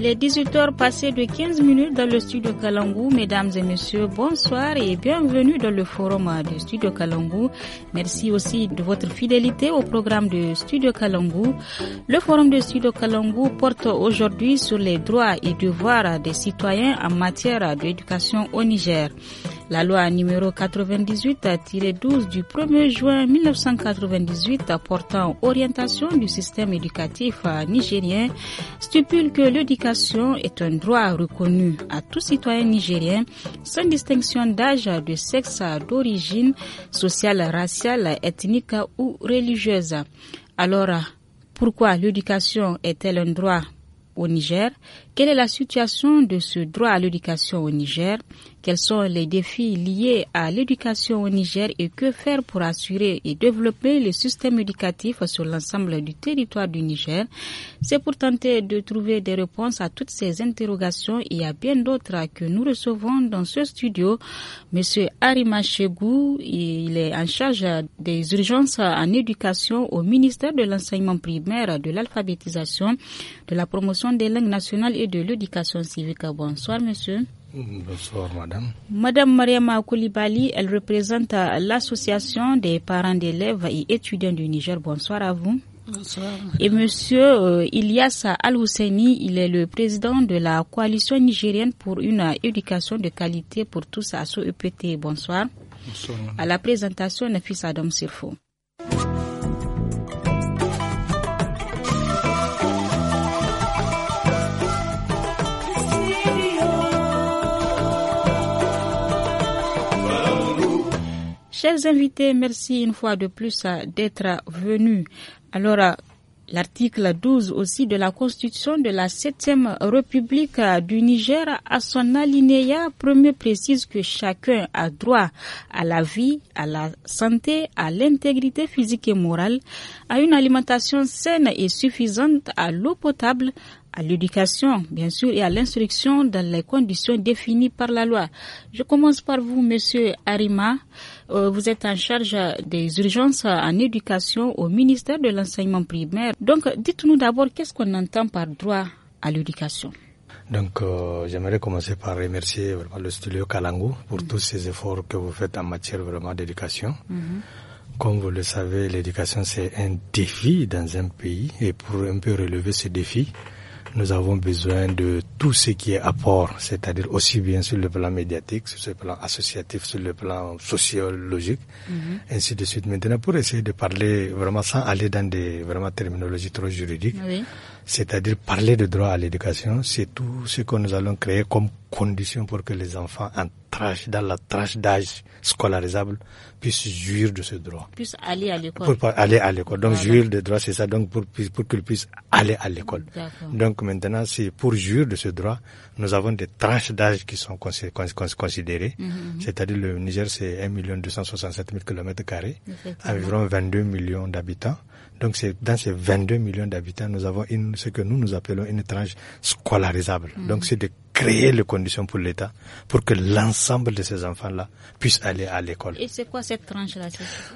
Il est 18h passé de 15 minutes dans le studio Kalangou. Mesdames et messieurs, bonsoir et bienvenue dans le forum du studio Kalangou. Merci aussi de votre fidélité au programme de studio Kalangou. Le forum de studio Kalangou porte aujourd'hui sur les droits et devoirs des citoyens en matière d'éducation au Niger. La loi numéro 98-12 du 1er juin 1998 portant orientation du système éducatif nigérien stipule que l'éducation est un droit reconnu à tout citoyen nigérien sans distinction d'âge, de sexe, d'origine sociale, raciale, ethnique ou religieuse. Alors, pourquoi l'éducation est-elle un droit au Niger quelle est la situation de ce droit à l'éducation au Niger Quels sont les défis liés à l'éducation au Niger et que faire pour assurer et développer le système éducatif sur l'ensemble du territoire du Niger C'est pour tenter de trouver des réponses à toutes ces interrogations et à bien d'autres que nous recevons dans ce studio. Monsieur Arima Chegou, il est en charge des urgences en éducation au ministère de l'enseignement primaire, de l'alphabétisation, de la promotion des langues nationales et de l'éducation civique. Bonsoir, monsieur. Mm, bonsoir, madame. Madame Mariama Koulibaly, elle représente euh, l'association des parents d'élèves et étudiants du Niger. Bonsoir à vous. Bonsoir. Et monsieur euh, Ilyas Al-Housseni, il est le président de la coalition nigérienne pour une euh, éducation de qualité pour tous à SOEPT. E bonsoir. Bonsoir. À la présentation, fils Adam Sirfo. Chers invités, merci une fois de plus euh, d'être euh, venus. Alors, euh, L'article 12 aussi de la Constitution de la 7e République du Niger à son alinéa premier précise que chacun a droit à la vie, à la santé, à l'intégrité physique et morale, à une alimentation saine et suffisante, à l'eau potable, à l'éducation, bien sûr, et à l'instruction dans les conditions définies par la loi. Je commence par vous, Monsieur Arima. Euh, vous êtes en charge des urgences en éducation au ministère de l'enseignement primaire. Donc, dites-nous d'abord qu'est-ce qu'on entend par droit à l'éducation. Donc, euh, j'aimerais commencer par remercier le studio Kalango pour mm. tous ces efforts que vous faites en matière vraiment d'éducation. Mm-hmm. Comme vous le savez, l'éducation, c'est un défi dans un pays. Et pour un peu relever ce défi, nous avons besoin de tout ce qui est apport, c'est-à-dire aussi bien sur le plan médiatique, sur le plan associatif, sur le plan sociologique, mhm. ainsi de suite. Maintenant, pour essayer de parler vraiment sans aller dans des vraiment terminologies trop juridiques, c'est-à-dire parler de droit à l'éducation, c'est tout ce que nous allons créer comme condition pour que les enfants en tranche, dans la tranche d'âge scolarisable puissent jouir de ce droit. Puissent aller à l'école. Pour aller à l'école. Donc, jouir de droit, c'est ça. Donc, pour, pour qu'ils puissent aller à l'école. Donc, maintenant, c'est pour jouir de ce droit, nous avons des tranches d'âge qui sont considérées. Mhm, mhm. C'est-à-dire, le Niger, c'est 1 267 000 km carrés, environ 22 millions d'habitants. Donc c'est dans ces 22 millions d'habitants, nous avons une, ce que nous nous appelons une tranche scolarisable. Mm. Donc c'est des créer les conditions pour l'État pour que l'ensemble de ces enfants-là puissent aller à l'école. Et c'est quoi cette tranche-là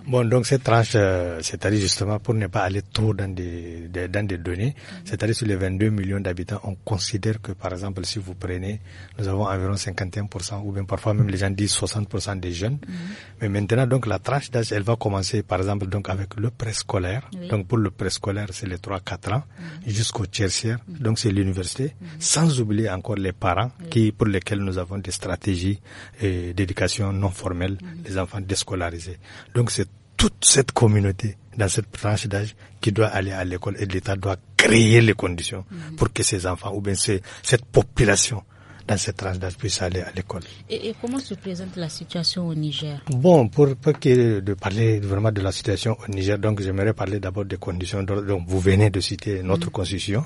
Bon, donc cette tranche, euh, c'est-à-dire justement pour ne pas aller trop dans des, dans des données, mhm. c'est-à-dire sur les 22 millions d'habitants, on considère que par exemple, si vous prenez, nous avons environ 51% ou bien parfois même les gens disent 60% des jeunes. Mhm. Mais maintenant, donc la tranche d'âge, elle va commencer par exemple donc avec le préscolaire. Donc pour le préscolaire, c'est les 3-4 ans mhm. jusqu'au tertiaire, donc c'est l'université, sans oublier encore les parents qui, pour lesquels nous avons des stratégies euh, d'éducation non formelle, mhm. les enfants déscolarisés. Donc c'est toute cette communauté dans cette tranche d'âge qui doit aller à l'école et l'État doit créer les conditions mhm. pour que ces enfants ou bien cette population dans cette tranche d'âge puissent aller à l'école. Et, et, comment se présente la situation au Niger Bon, pour, pour de parler vraiment de la situation au Niger, donc j'aimerais parler d'abord des conditions Donc vous venez de citer notre constitution,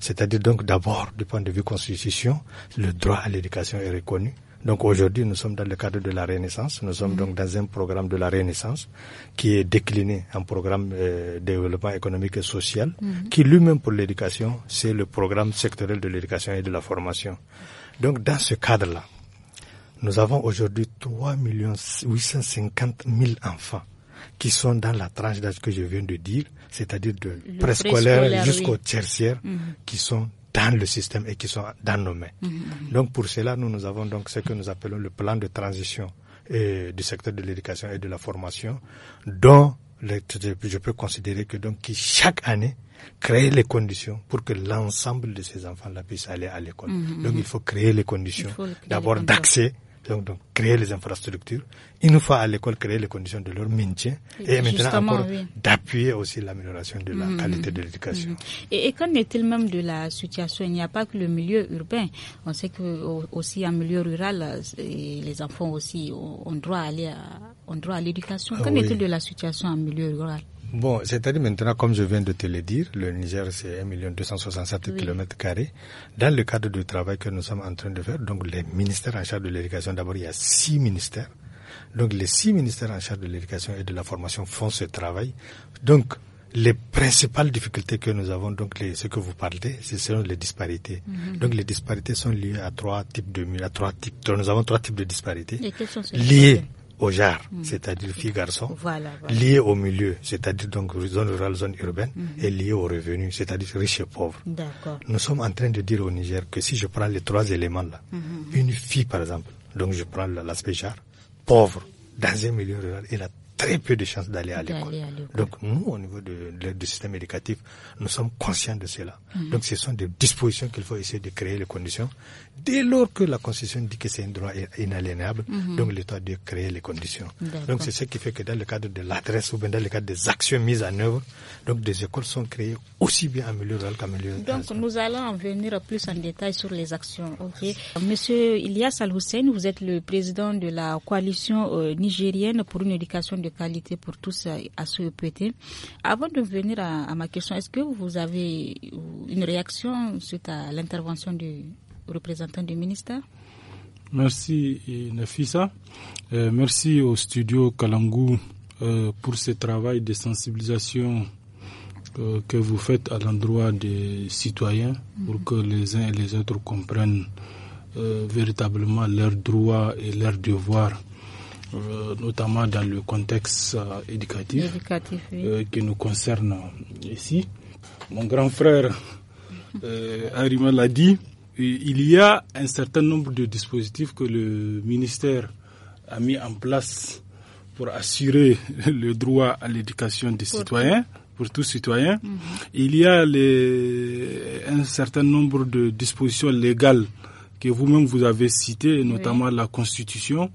c'est-à-dire donc d'abord du point de vue constitution, le droit à l'éducation est reconnu. Donc aujourd'hui, nous sommes dans le cadre de la Renaissance. Nous sommes donc dans un programme de la Renaissance qui est décliné en programme euh, développement économique et social, mhm. qui lui-même pour l'éducation, c'est le programme sectoriel de l'éducation et de la formation. Donc dans ce cadre-là, nous avons aujourd'hui 3 850 000 enfants qui sont dans la tranche d'âge que je viens de dire, c'est-à-dire de préscolaire jusqu'au tertiaire, mhm. qui sont dans le système et qui sont dans nos mains. Mhm, mhm. Donc pour cela, nous, nous avons donc ce que nous appelons le plan de transition euh, du secteur de l'éducation et de la formation, dont je peux considérer que donc chaque année, créer les conditions pour que l'ensemble de ces enfants-là puissent aller à l'école. Mhm, donc, mhm. il faut créer les conditions d'abord d'accès. Donc, créer les infrastructures. Une fois à l'école, créer les conditions de leur maintien. Et, maintenant encore d'appuyer aussi l'amélioration de la mhm, qualité de l'éducation. Et, qu'en est-il même de la situation Il n'y a pas que le milieu urbain. On sait que aussi en milieu rural, euh, les enfants aussi ont droit à aller droit à l'éducation. Qu'en est-il de la situation en milieu rural Bon, c'est-à-dire maintenant, comme je viens de te le dire, le Niger, c'est 1 267 oui. km carrés. Dans le cadre du travail que nous sommes en train de faire, donc les ministères en charge de l'éducation, d'abord, il y a six ministères. Donc les six ministères en charge de l'éducation et de la formation font ce travail. Donc, les principales difficultés que nous avons, donc les, ce que vous parlez, ce sont les disparités. Mhm. Donc les disparités sont liées à trois types de à trois types. Donc, nous avons trois types de disparités liées au jar mm. c'est-à-dire fille, garçon, lié au milieu, c'est-à-dire donc zone rurale, zone urbaine, mm-hmm. et lié au revenu, c'est-à-dire riche et pauvre. Nous sommes en train de dire au Niger que si je prends les trois éléments là, mm-hmm. une fille par exemple, donc je prends l'aspect jar pauvre, dans un milieu rural, elle a très peu de chances d'aller à l'école. Donc nous, au niveau du système éducatif, nous sommes conscients de cela. Mm-hmm. Donc ce sont des dispositions qu'il faut essayer de créer les conditions Dès lors que la Constitution dit que c'est un droit inaliénable, mhm. donc l'État doit créer les conditions. Donc c'est ce qui fait que dans le cadre de l'adresse ou bien dans le cadre des actions mises en œuvre, donc des écoles sont créées aussi bien en milieu Donc nous allons en venir plus en détail sur les actions. Monsieur Ilyas Al-Hussein, vous êtes le président de la coalition euh, nigérienne pour une éducation de qualité pour tous euh, à ce EPT. Avant de venir à ma question, est-ce que vous avez une réaction suite à l'intervention du représentant du ministère. Merci euh, Nafisa. Euh, merci au studio Kalangou euh, pour ce travail de sensibilisation que vous faites à l'endroit des citoyens pour que les uns et les autres comprennent véritablement leurs droits et leurs devoirs. notamment dans le contexte éducatif, qui nous concerne ici. Mon grand frère Arima l'a dit, il y a un certain nombre de dispositifs que le ministère a mis en place pour assurer le droit à l'éducation des citoyens, pour tous citoyens. Mhm. Il y a un certain nombre de dispositions légales que vous-même vous avez citées, notamment la Constitution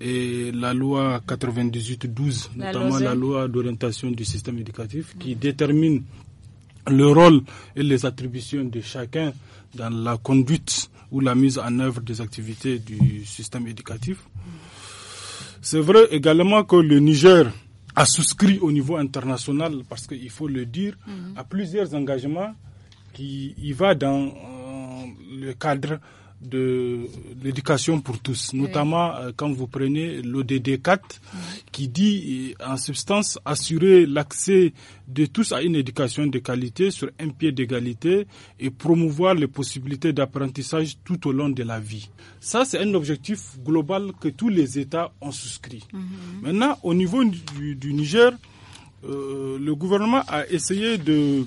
et la loi 98-12, notamment la loi d'orientation du système éducatif, qui détermine le rôle et les attributions de chacun dans la conduite ou la mise en œuvre des activités du système éducatif. C'est vrai également que le Niger a souscrit au niveau international, parce qu'il faut le dire, mhm. à plusieurs engagements qui y va dans euh, le cadre de l'éducation pour tous, notamment euh, quand vous prenez l'ODD 4 qui dit euh, en substance assurer l'accès de tous à une éducation de qualité sur un pied d'égalité et promouvoir les possibilités d'apprentissage tout au long de la vie. Ça, c'est un objectif global que tous les États ont souscrit. Mhm. Maintenant, au niveau du, Niger, euh, le gouvernement a essayé de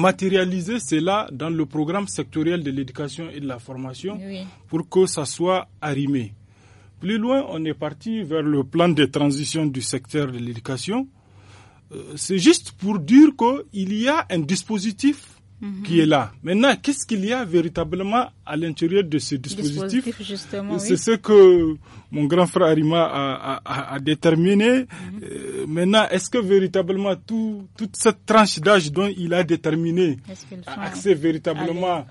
matérialiser cela dans le programme sectoriel de l'éducation et de la formation pour que ça soit arrimé. Plus loin, on est parti vers le plan de transition du secteur de l'éducation. Euh, c'est juste pour dire qu'il y a un dispositif Mhm. qui est là. Maintenant, qu'est-ce qu'il y a véritablement à l'intérieur de ce dispositif, C'est ce que mon grand frère Arima a, déterminé. Mhm. Euh, maintenant, est-ce que véritablement toute cette tranche d'âge dont il a déterminé accès véritablement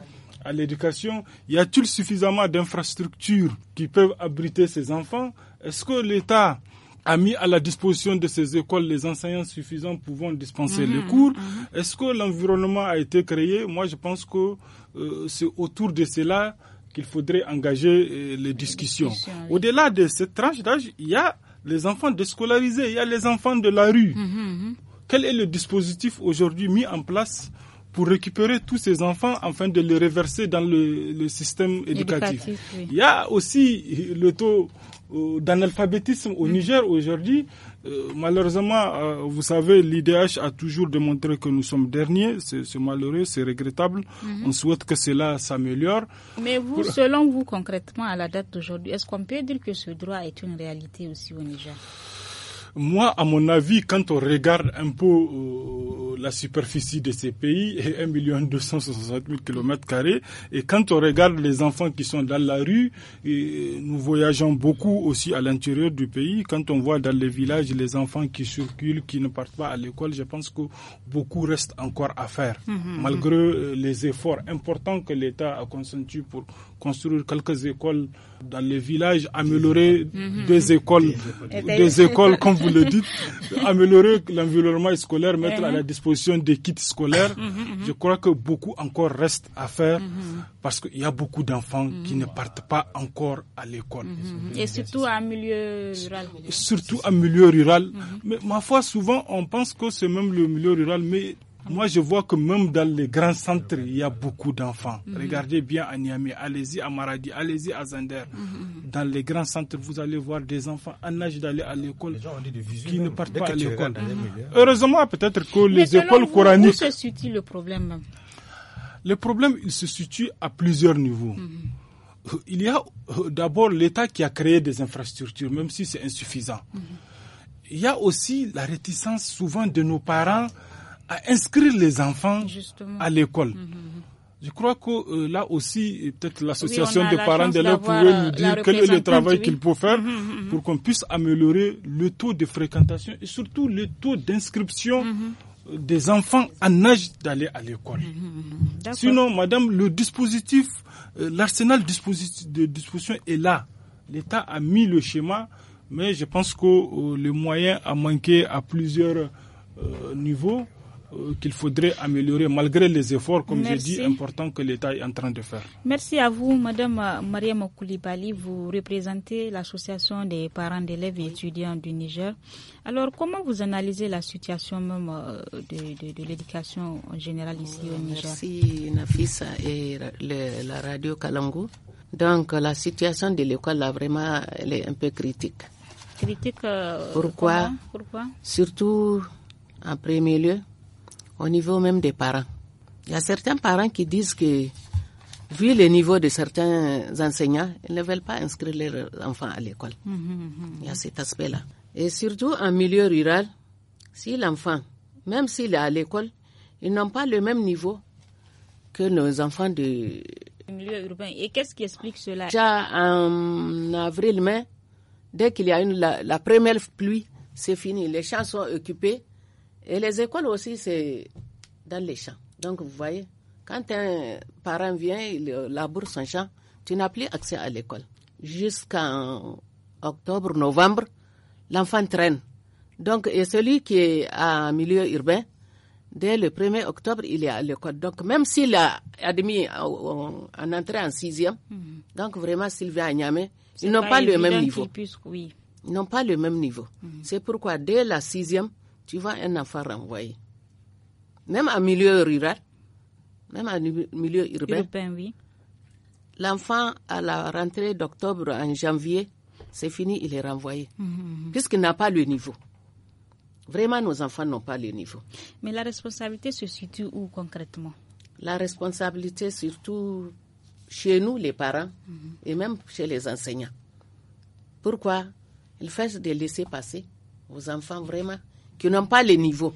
à l'éducation Y a-t-il suffisamment d'infrastructures qui peuvent abriter ces enfants Est-ce que l'État a mis à la disposition de ces écoles les enseignants suffisants pouvant dispenser mhm, les cours. Mhm. Est-ce que l'environnement a été créé Moi, je pense que euh, c'est autour de cela qu'il faudrait engager euh, les discussions. Au-delà de cette tranche d'âge, il y a les enfants déscolarisés, il y a les enfants de la rue. Mhm, Quel est le dispositif aujourd'hui mis en place pour récupérer tous ces enfants afin de les reverser dans le, système éducatif. Il y a aussi le taux euh, d'analphabétisme au mm. Niger aujourd'hui. Euh, malheureusement, euh, vous savez, l'IDH a toujours démontré que nous sommes derniers. C'est malheureux, c'est regrettable. Mm-hmm. On souhaite que cela s'améliore. Mais vous, selon vous, concrètement, à la date d'aujourd'hui, est-ce qu'on peut dire que ce droit est une réalité aussi au Niger Moi, à mon avis, quand on regarde un peu la superficie de ces pays est 1 260 000 km et quand on regarde les enfants qui sont dans la rue, nous voyageons beaucoup aussi à l'intérieur du pays. Quand on voit dans les villages les enfants qui circulent, qui ne partent pas à l'école, je pense que beaucoup reste encore à faire, hum, hum, hum. malgré euh, les efforts importants que l'État a consentis pour construire quelques écoles dans les villages, améliorer des écoles, des écoles, comme vous le dites, améliorer l'environnement scolaire, mettre à la disposition des kits scolaires, je crois que beaucoup encore reste à faire mhm, mhm. parce qu'il y a beaucoup d'enfants qui mhm. ne partent pas encore à l'école. Et surtout en milieu rural. Surtout en milieu rural. Mais ma foi, souvent, on pense que c'est même le milieu rural, mais moi, je vois que même dans les grands centres, il y a beaucoup d'enfants. Mhm. Regardez bien à Niamey, allez-y à Maradi, allez-y à Zander. Mhm. Dans les grands centres, vous allez voir des enfants en âge d'aller à l'école qui ne partent pas à l'école. Heureusement, peut-être que les écoles vous, coraniques. Où se situe le problème Le problème, il se situe à plusieurs niveaux. Mhm. il y a euh, d'abord l'État qui a créé des infrastructures, même si c'est insuffisant. Il y a aussi la réticence souvent de nos parents à inscrire les enfants à l'école. Mhm, mhm. Je crois que euh, là aussi, euh, peut-être l'association des parents d'élèves pourrait euh, nous dire quel est le travail qu'il faut faire mhm, pour qu'on puisse améliorer le taux de fréquentation et surtout le taux d'inscription des enfants en âge d'aller à l'école. Sinon, madame, le dispositif, l'arsenal de disposition est là. L'État a mis le schéma, mais je pense que le moyen a manqué à plusieurs niveaux. Euh, qu'il faudrait améliorer malgré les efforts, comme j'ai dit, importants que l'État est en train de faire. Merci à vous, Madame euh, Mariam Koulibaly. Vous représentez l'association des parents d'élèves et étudiants du Niger. Alors, comment vous analysez la situation même euh, de, l'éducation en général ici au Niger Merci, Nafisa et la radio Kalangou. Donc, la situation de l'école, là, vraiment, elle est un peu critique. Critique Pourquoi Pourquoi Surtout, en premier lieu, au niveau même des parents. Il y a certains parents qui disent que, vu le niveau de certains enseignants, ils ne veulent pas inscrire leurs enfants à l'école. Hum, hum, hum, Il y a cet aspect-là. Et surtout en milieu rural, si l'enfant, même s'il est à l'école, ils n'ont pas le même niveau que nos enfants de... Milieu urbain. Et qu'est-ce qui explique cela Déjà en avril-mai, dès qu'il y a une, la première pluie, c'est fini. Les champs sont occupés et les écoles aussi, c'est dans les champs. Donc, vous voyez, quand un parent vient, il laboure son champ, tu n'as plus accès à l'école. Jusqu'en octobre, novembre, l'enfant traîne. Donc, et celui qui est en milieu urbain, dès le 1er octobre, il est à l'école. Donc, même s'il a admis en, entrée en sixième, e donc vraiment, s'il vient ils n'ont pas, pas, le même niveau. Ils n'ont pas le même niveau. Mhm. C'est pourquoi dès la sixième, tu vois un enfant renvoyé. Même en milieu rural, même en milieu urbain. L'enfant, à la rentrée d'octobre en janvier, c'est fini, il est renvoyé, mhm, mhm. puisqu'il n'a pas le niveau. Vraiment, nos enfants n'ont pas le niveau. Mais la responsabilité se situe où concrètement La responsabilité surtout chez nous, les parents, mhm. et même chez les enseignants. Pourquoi Ils fait des laisser passer aux enfants vraiment qui n'ont pas les niveaux.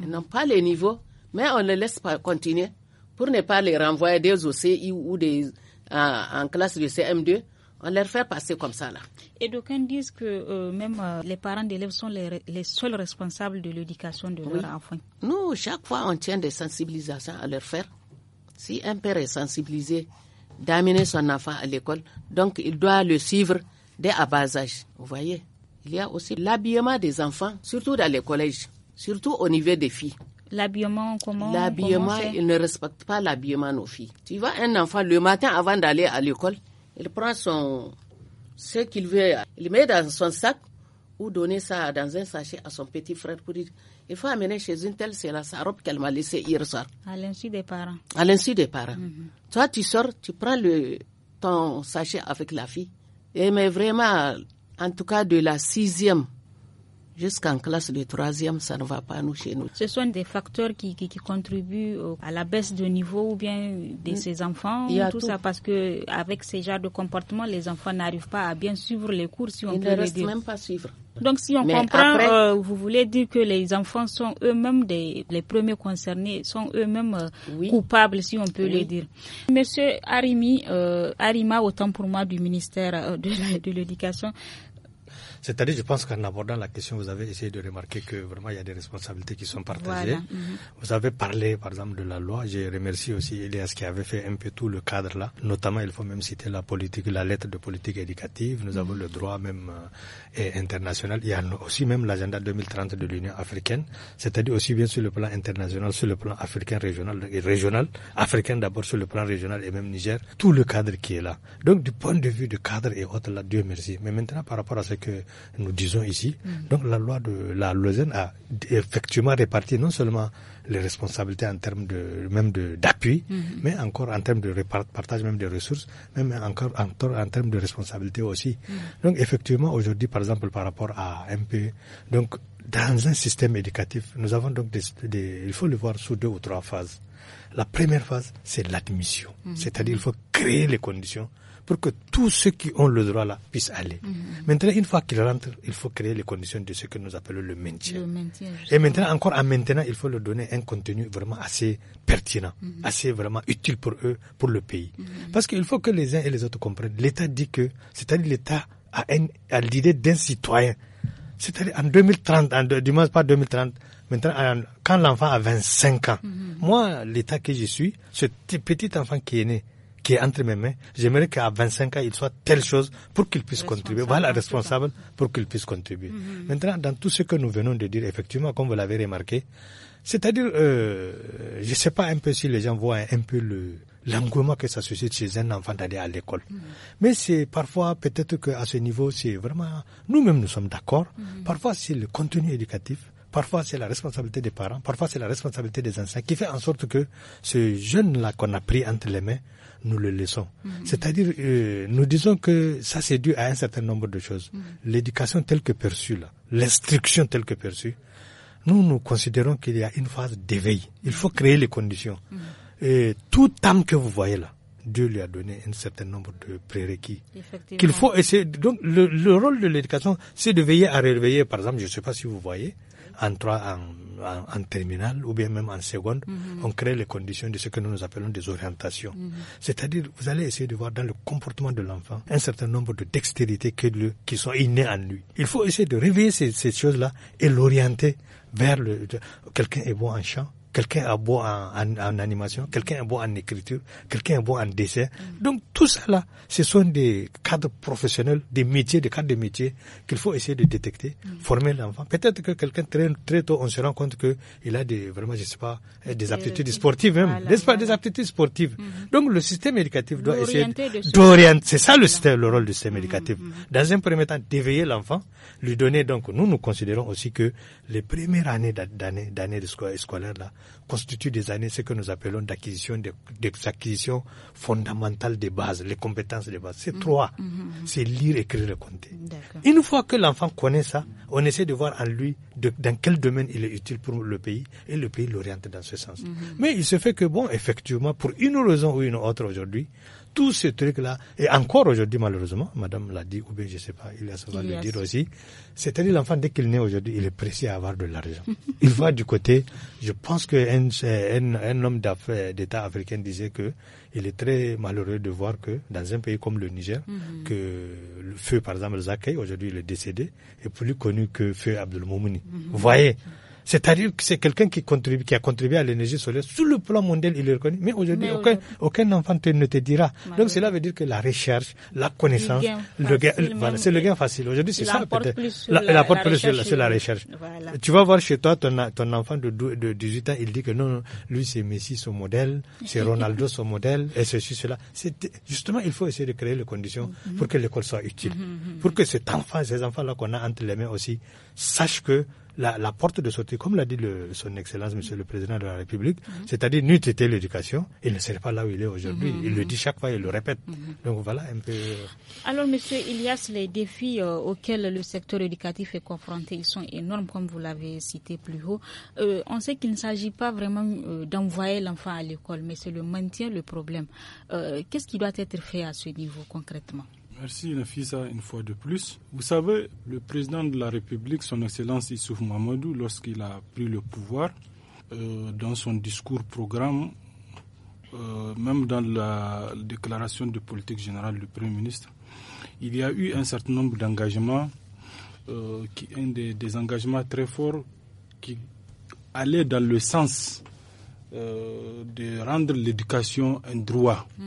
n'ont pas les niveaux, mais on les laisse pas continuer pour ne pas les renvoyer des OCI ou des, euh, en, classe de CM2. On leur fait passer comme ça là. Et d'aucuns disent que euh, même euh, les parents d'élèves sont les, seuls responsables de l'éducation de leurs enfants. Nous, chaque fois, on tient des sensibilisations à leur faire. Si un père est sensibilisé d'amener son enfant à l'école, donc il doit le suivre dès à bas âge. Vous voyez il y a aussi l'habillement des enfants, surtout dans les collèges, surtout au niveau des filles. L'habillement, comment L'habillement, ils ne respectent pas l'habillement nos filles. Tu vois, un enfant, le matin, avant d'aller à l'école, il prend son, ce qu'il veut, il met dans son sac ou donner ça dans un sachet à son petit frère pour dire, il faut amener chez une telle, c'est sa robe qu'elle m'a laissée hier soir. À l'insu des parents. À l'insu des parents. Mhm. Toi, tu sors, tu prends le, ton sachet avec la fille. Et eh, mais vraiment, en tout cas de la sixième jusqu'en classe de troisième, ça ne va pas nous chez nous. Ce sont des facteurs qui, contribuent à la baisse de niveau ou bien de mm. ces enfants, tout, ça parce que avec ces genres de comportements, les enfants n'arrivent pas à bien suivre les cours si on Ils peut ne restent même pas suivre. Donc, si on comprend, euh, vous voulez dire que les enfants sont eux-mêmes des, les premiers concernés, sont eux-mêmes euh, coupables, si on peut le dire. Monsieur Arimi, euh, Arima, autant pour moi du ministère euh, de l'éducation, c'est-à-dire, je pense qu'en abordant la question, vous avez essayé de remarquer que vraiment il y a des responsabilités qui sont partagées. Mm-hmm. Vous avez parlé, par exemple, de la loi. J'ai remercié aussi Elias qui avait fait un peu tout le cadre là. Notamment, il faut même citer la politique, la lettre de politique éducative. Nous avons le droit même euh, international. Il y a aussi même l'agenda 2030 de l'Union africaine. C'est-à-dire aussi bien sur le plan international, sur le plan africain régional et régional, africain d'abord sur le plan régional et même Niger. Tout le cadre qui est là. Donc, du point de vue du cadre et autres là, Dieu merci. Mais maintenant, par rapport à ce que nous disons ici. Mm. Donc la loi de la Lausanne a effectivement réparti non seulement les responsabilités en termes de même de d'appui, mm-hmm. mais encore en termes de partage même des ressources, même encore, en termes de responsabilité aussi. Mm. Donc effectivement aujourd'hui par exemple par rapport à MP, donc dans un système éducatif, nous avons donc des, il faut le voir sous deux ou trois phases. La première phase, c'est l'admission, mm-hmm. c'est-à-dire il faut créer les conditions pour que tous ceux qui ont le droit là puissent aller. Mhm. Maintenant, une fois qu'ils rentrent, il faut créer les conditions de ce que nous appelons le maintien. Et maintenant, encore en maintenant, il faut leur donner un contenu vraiment assez pertinent, mhm. assez vraiment utile pour eux, pour le pays. Mhm. Parce qu'il faut que les uns et les autres comprennent. L'État dit que, c'est-à-dire l'État a, a l'idée d'un citoyen. C'est-à-dire en 2030, en, du moins pas 2030, maintenant, quand l'enfant a 25 ans, moi, l'État que je suis, ce petit enfant qui est né, qui est entre mes mains, j'aimerais qu'à 25 ans, il soit telle chose pour qu'il puisse contribuer. Voilà, responsable pour qu'il puisse contribuer. Mm-hmm. Maintenant, dans tout ce que nous venons de dire, effectivement, comme vous l'avez remarqué, c'est-à-dire, euh, je ne sais pas un peu si les gens voient un, peu le l'engouement que ça suscite chez un enfant d'aller à l'école. Mm-hmm. Mais c'est parfois, peut-être qu'à ce niveau, c'est vraiment, nous-mêmes, nous sommes d'accord. Mm-hmm. Parfois, c'est le contenu éducatif. Parfois, c'est la responsabilité des parents, parfois, c'est la responsabilité des enseignants qui fait en sorte que ce jeune-là qu'on a pris entre les mains, nous le laissons. Mhm. C'est-à-dire, euh, nous disons que ça c'est dû à un certain nombre de choses. Mhm. L'éducation telle que perçue, l'instruction telle que perçue, nous nous considérons qu'il y a une phase d'éveil. Il faut créer les conditions. Mhm. Et tout âme que vous voyez là, Dieu lui a donné un certain nombre de prérequis qu'il faut essayer. Donc le, rôle de l'éducation, c'est de veiller à réveiller. Par exemple, je ne sais pas si vous voyez, en trois, en en, terminale ou bien même en seconde, mhm. on crée les conditions de ce que nous, appelons des orientations. Mhm. C'est-à-dire, vous allez essayer de voir dans le comportement de l'enfant un certain nombre de dextérités qui sont innées en lui. Il faut essayer de réveiller ces, ces choses-là et l'orienter vers Quelqu'un est bon en chant, quelqu'un est bon en, animation, quelqu'un est bon en écriture, quelqu'un est bon en dessin. Mm. Donc tout cela, ce sont des cadres professionnels, des métiers, des cadres de métiers qu'il faut essayer de détecter, mm. former l'enfant. Peut-être que quelqu'un très très tôt on se rend compte que il a des vraiment je sais pas euh, des aptitudes sportives même, mm-hmm. n'est-ce pas des aptitudes sportives. Donc le système éducatif doit essayer d'orienter. C'est ça le, système, le rôle du système mm-hmm. éducatif. Dans un premier temps, d'éveiller l'enfant, lui donner donc nous nous considérons aussi que les premières années d'année d'année scolaire là constituent des années ce que nous appelons d'acquisition des, des, des bases, les compétences des bases. C'est mm. trois. Mm-hmm, mm-hmm. C'est lire, écrire et compter. Une fois que l'enfant connaît ça, on essaie de voir en lui dans quel domaine il est utile pour le pays et le pays l'oriente dans ce sens. Mm-hmm. Mais il se fait que bon, effectivement, pour une raison ou une autre aujourd'hui, tous ces trucs-là, et encore aujourd'hui, malheureusement, madame l'a dit, ou bien je sais pas, il a à le dire aussi, c'est-à-dire l'enfant, dès qu'il naît aujourd'hui, il est pressé à avoir de l'argent. il va du côté, je pense qu'un un, un, homme d'État africain disait que il est très malheureux de voir que dans un pays comme le Niger, mhm. que le feu, par exemple, Zakaï, aujourd'hui, il est décédé, est plus connu que feu Abdelmoumouni. Mhm. Vous voyez? C'est-à-dire que c'est quelqu'un qui contribue, qui a contribué à l'énergie solaire. sous le plan mondial, il est reconnu. Mais aujourd'hui, aucun, aucun enfant ne te dira. Donc cela veut dire que la recherche, la connaissance, le euh, c'est le gain facile. Aujourd'hui, c'est ça, La, porte plus sur la, recherche. Tu vas voir chez toi ton, enfant de, de 18 ans, il dit que non, lui c'est Messi son modèle, c'est Ronaldo son modèle, et ceci, cela. Justement, il faut essayer de créer les conditions mm-hmm. pour que l'école soit utile. Mm-hmm, mm-hmm. Pour que cet enfant, ces enfants-là qu'on a entre les mains aussi, sachent que la, porte de sortie, comme l'a dit son Excellence, Monsieur mm. le Président de la République, mm. c'est-à-dire n'eût l'éducation, il ne serait pas là où il est aujourd'hui. Mm. Il le dit chaque fois, il le répète. Donc voilà un peu. Alors, Monsieur Ilias, les défis euh, auxquels le secteur éducatif est confronté, ils sont énormes, comme vous l'avez cité plus haut. Euh, on sait qu'il ne s'agit pas vraiment euh, d'envoyer l'enfant à l'école, mais c'est le maintien le problème. Qu'est-ce qui doit être fait à ce niveau concrètement? Merci Nafisa une fois de plus. Vous savez, le président de la République, son Excellence Issouf Mamadou, lorsqu'il a pris le pouvoir, euh, dans son discours programme, euh, même dans la déclaration de politique générale du Premier ministre, il y a eu un certain nombre d'engagements, euh, un des, engagements très forts qui allait dans le sens de rendre l'éducation un droit. Mmh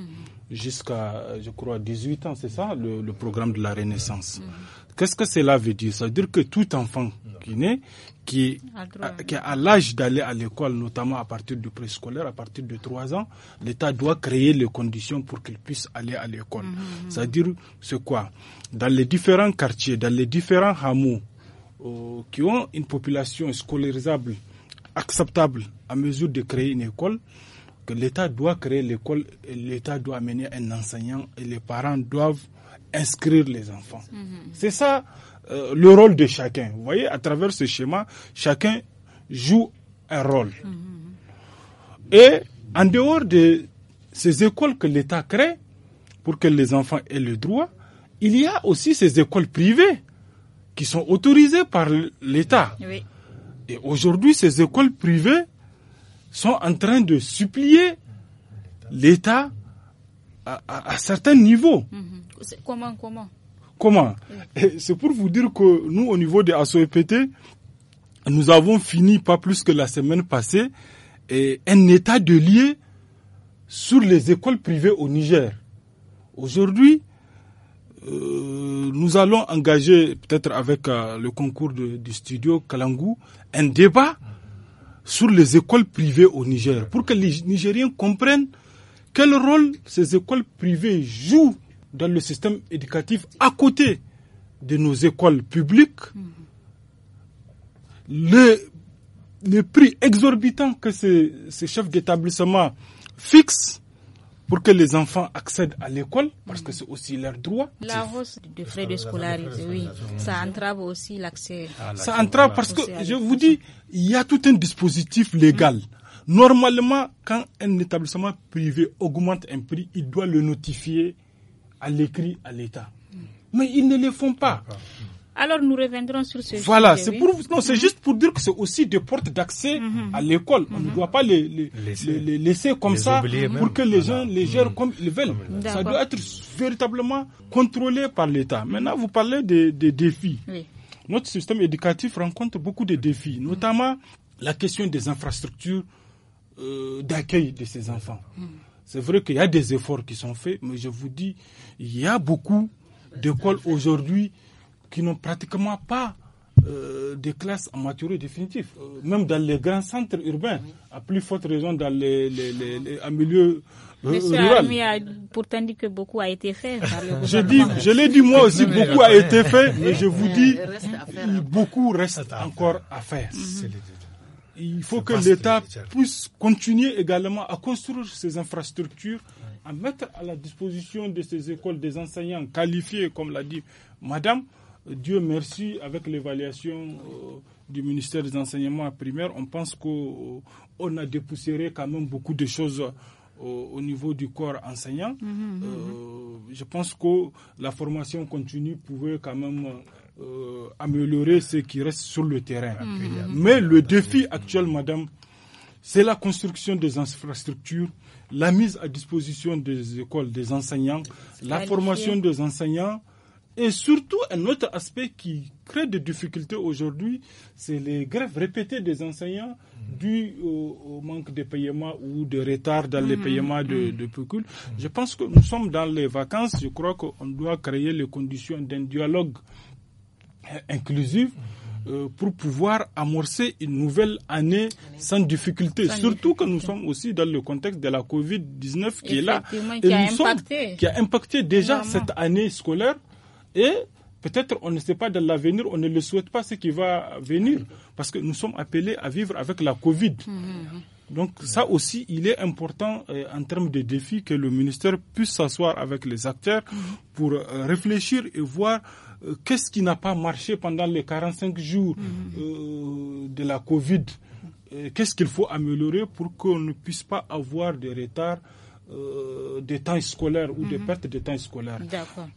jusqu'à, je crois, 18 ans, c'est ça, le, programme de la Renaissance. Qu'est-ce que cela veut dire Ça veut dire que tout enfant qui naît, qui, qui a l'âge d'aller à l'école, notamment à partir du préscolaire, à partir de 3 ans, l'État doit créer les conditions pour qu'il puisse aller à l'école. C'est-à-dire, mhm. c'est quoi Dans les différents quartiers, dans les différents hameaux euh, qui ont une population scolarisable, acceptable, à mesure de créer une école, que l'État doit créer l'école, l'État doit amener un enseignant et les parents doivent inscrire les enfants. Mhm. C'est ça euh, le rôle de chacun. Vous voyez, à travers ce schéma, chacun joue un rôle. Mhm. Et en dehors de ces écoles que l'État crée pour que les enfants aient le droit, il y a aussi ces écoles privées qui sont autorisées par l'État. Et aujourd'hui, ces écoles privées sont en train de supplier l'État à, certains niveaux. Mhm. Comment Comment Comment C'est pour vous dire que nous, au niveau des ASOEPT, nous avons fini, pas plus que la semaine passée, et un état de lié sur les écoles privées au Niger. Aujourd'hui, euh, nous allons engager, peut-être avec euh, le concours du studio Kalangu, un débat sur les écoles privées au Niger, pour que les Nigériens comprennent quel rôle ces écoles privées jouent dans le système éducatif à côté de nos écoles publiques. Mm-hmm. les prix exorbitants que ces chefs d'établissement fixent pour que les enfants accèdent à l'école, parce que c'est aussi leur droit. La hausse des frais de scolarité, oui, ça entrave aussi l'accès. Ah, ça entrave parce que, je vous dis, il y a tout un dispositif légal. Normalement, quand un établissement privé augmente un prix, il doit le notifier à l'écrit à l'État. Mais ils ne le font pas. Alors nous reviendrons sur ce sujet. Voilà, c'est pour c'est mhm. juste pour dire que c'est aussi des portes d'accès mhm. à l'école. On ne mhm. doit pas les, les, laisser comme ça pour que les gens les gèrent comme ils veulent. Ça doit être véritablement contrôlé par l'État. Maintenant, vous parlez des, défis. Notre système éducatif rencontre beaucoup de défis, notamment la question des infrastructures euh, d'accueil de ces enfants. C'est vrai qu'il y a des efforts qui sont faits, mais je vous dis, il y a beaucoup d'écoles aujourd'hui qui n'ont pratiquement pas euh, de des classes en maturité définitive. Euh, même dans les grands centres urbains, à plus forte raison dans les, les, les, les milieu a pourtant dit que beaucoup a été fait. je, dis, je l'ai dit moi aussi, beaucoup a été fait, mais je vous dis, beaucoup reste encore à faire. Mhm. Il faut que l'État puisse continuer également à construire ces infrastructures, à mettre à la disposition de ces écoles des enseignants qualifiés, comme l'a dit Madame, Dieu merci, avec l'évaluation euh, du ministère des enseignements primaire, on pense qu'on euh, a dépoussiéré quand même beaucoup de choses euh, au, niveau du corps enseignant. Mm-hmm, mm-hmm. je pense que la formation continue pouvait quand même améliorer ce qui reste sur le terrain. Mm-hmm, Mais le défi actuel, madame, c'est la construction des infrastructures, la mise à disposition des écoles, des enseignants, la formation des enseignants. Et surtout, un autre aspect qui crée des difficultés aujourd'hui, c'est les grèves répétées des enseignants dues au, manque de paiement ou de retard dans les mhm. paiements de, mhm. de Je pense que nous sommes dans les vacances. Je crois qu'on doit créer les conditions d'un dialogue inclusif euh, pour pouvoir amorcer une nouvelle année sans difficulté. Surtout que nous sommes aussi dans le contexte de la COVID-19 qui est là. Qui, a qui a impacté déjà cette année scolaire. Et peut-être on ne sait pas de l'avenir, on ne le souhaite pas ce qui va venir, parce que nous sommes appelés à vivre avec la Covid. Hum, hum, hum. Donc ça aussi, il est important euh, en termes de défis que le ministère puisse s'asseoir avec les acteurs pour euh, réfléchir et voir euh, qu'est-ce qui n'a pas marché pendant les 45 jours de la Covid, qu'est-ce qu'il faut améliorer pour qu'on ne puisse pas avoir de retard. de temps scolaire ou de perte de temps scolaire. D'accord.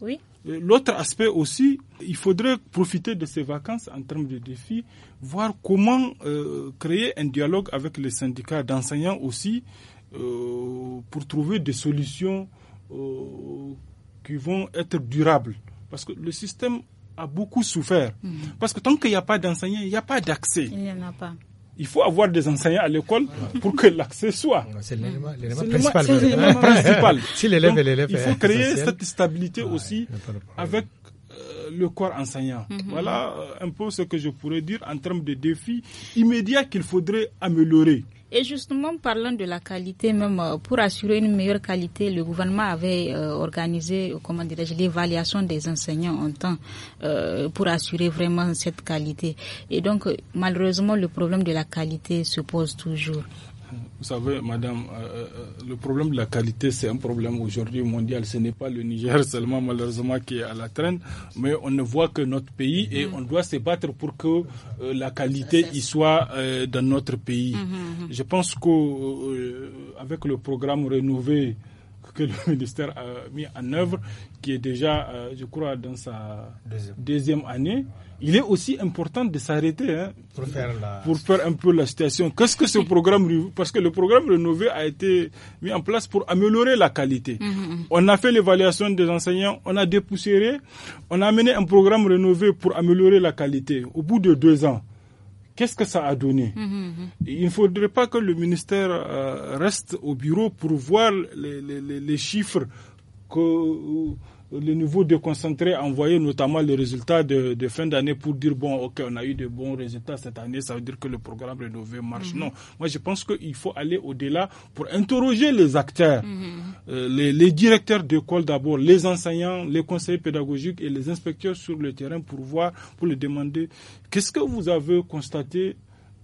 oui. Euh, l'autre aspect aussi, il faudrait profiter de ces vacances en termes de défis, voir comment euh, créer un dialogue avec les syndicats d'enseignants aussi euh, pour trouver des solutions qui vont être durables. Parce que le système a beaucoup souffert. Mm-hmm. Parce que tant qu'il n'y a pas d'enseignants, il n'y a pas d'accès. Il n'y en a pas il faut avoir des enseignants à l'école pour que l'accès soit. C'est l'élément principal. si l'élève l'élève. Il faut créer cette stabilité aussi avec euh, le corps enseignant. Mhm. Voilà euh, un peu ce que je pourrais dire en termes de défis immédiats qu'il faudrait améliorer. Et justement, parlant de la qualité, même euh, pour assurer une meilleure qualité, le gouvernement avait euh, organisé, euh, comment dirais-je, l'évaluation des enseignants en temps pour assurer vraiment cette qualité. Et donc, malheureusement, le problème de la qualité se pose toujours. Vous savez, madame, euh, euh, euh, le problème de la qualité, c'est un problème aujourd'hui mondial. Ce n'est pas le Niger seulement, malheureusement, qui est à la traîne, mais on ne voit que notre pays et mm-hmm. on doit se battre pour que la qualité y soit dans notre pays. Mm-hmm, mm-hmm. Je pense qu'avec le programme rénové que le ministère a mis en œuvre, qui est déjà, je crois, dans sa deuxième année, il est aussi important de s'arrêter hein, pour, faire un peu la situation. Qu'est-ce que ce programme parce que le programme rénové a été mis en place pour améliorer la qualité. Mm-hmm, mm-hmm. On a fait l'évaluation des enseignants, on a dépoussiéré, on a amené un programme rénové pour améliorer la qualité. Au bout de deux ans, qu'est-ce que ça a donné mm-hmm, Il ne faudrait pas que le ministère euh, reste au bureau pour voir les, les chiffres que euh, le niveau de concentré envoyé, notamment le résultat de, fin d'année pour dire, bon, ok, on a eu de bons résultats cette année, ça veut dire que le programme rénové marche. Mhm. Non, moi je pense qu'il faut aller au-delà pour interroger les acteurs, mhm. euh, les, directeurs d'école d'abord, les enseignants, les conseillers pédagogiques et les inspecteurs sur le terrain pour voir, pour les demander, qu'est-ce que vous avez constaté